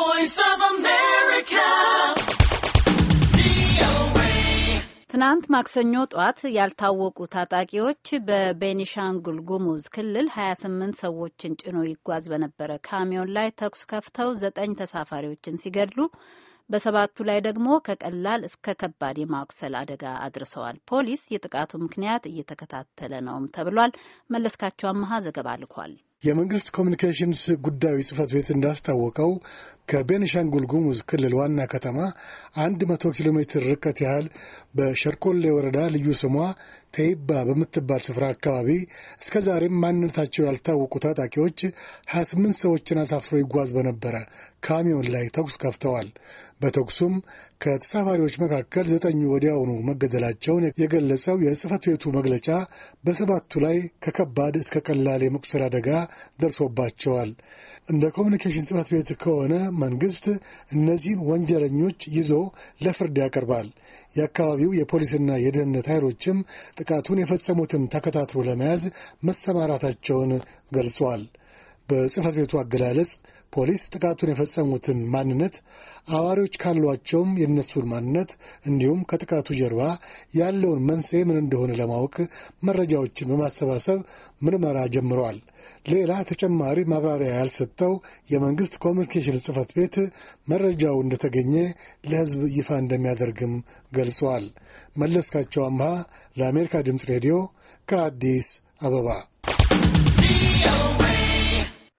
voice of America. ትናንት ማክሰኞ ጧት ያልታወቁ ታጣቂዎች በቤኒሻንጉል ጉሙዝ ክልል 28 ሰዎችን ጭኖ ይጓዝ በነበረ ካሚዮን ላይ ተኩስ ከፍተው ዘጠኝ ተሳፋሪዎችን ሲገድሉ በሰባቱ ላይ ደግሞ ከቀላል እስከ ከባድ የማቁሰል አደጋ አድርሰዋል። ፖሊስ የጥቃቱ ምክንያት እየተከታተለ ነውም ተብሏል። መለስካቸው አመሀ ዘገባ ልኳል። የመንግስት ኮሚኒኬሽንስ ጉዳዮች ጽህፈት ቤት እንዳስታወቀው ከቤንሻንጉል ጉሙዝ ክልል ዋና ከተማ 100 ኪሎ ሜትር ርቀት ያህል በሸርቆሌ ወረዳ ልዩ ስሟ ተይባ በምትባል ስፍራ አካባቢ እስከ ዛሬም ማንነታቸው ያልታወቁ ታጣቂዎች 28 ሰዎችን አሳፍሮ ይጓዝ በነበረ ካሚዮን ላይ ተኩስ ከፍተዋል። በተኩሱም ከተሳፋሪዎች መካከል ዘጠኙ ወዲያውኑ መገደላቸውን የገለጸው የጽህፈት ቤቱ መግለጫ በሰባቱ ላይ ከከባድ እስከ ቀላል የመቁሰል አደጋ ደርሶባቸዋል። እንደ ኮሚኒኬሽን ጽህፈት ቤት ከሆነ መንግሥት እነዚህን ወንጀለኞች ይዞ ለፍርድ ያቀርባል። የአካባቢው የፖሊስና የደህንነት ኃይሎችም ጥቃቱን የፈጸሙትን ተከታትሎ ለመያዝ መሰማራታቸውን ገልጿል። በጽህፈት ቤቱ አገላለጽ ፖሊስ ጥቃቱን የፈጸሙትን ማንነት አዋሪዎች ካሏቸውም የእነሱን ማንነት እንዲሁም ከጥቃቱ ጀርባ ያለውን መንስኤ ምን እንደሆነ ለማወቅ መረጃዎችን በማሰባሰብ ምርመራ ጀምረዋል። ሌላ ተጨማሪ ማብራሪያ ያልሰጠው የመንግስት ኮሚኒኬሽን ጽህፈት ቤት መረጃው እንደተገኘ ለሕዝብ ይፋ እንደሚያደርግም ገልጿል። መለስካቸው አምሃ ለአሜሪካ ድምፅ ሬዲዮ ከአዲስ አበባ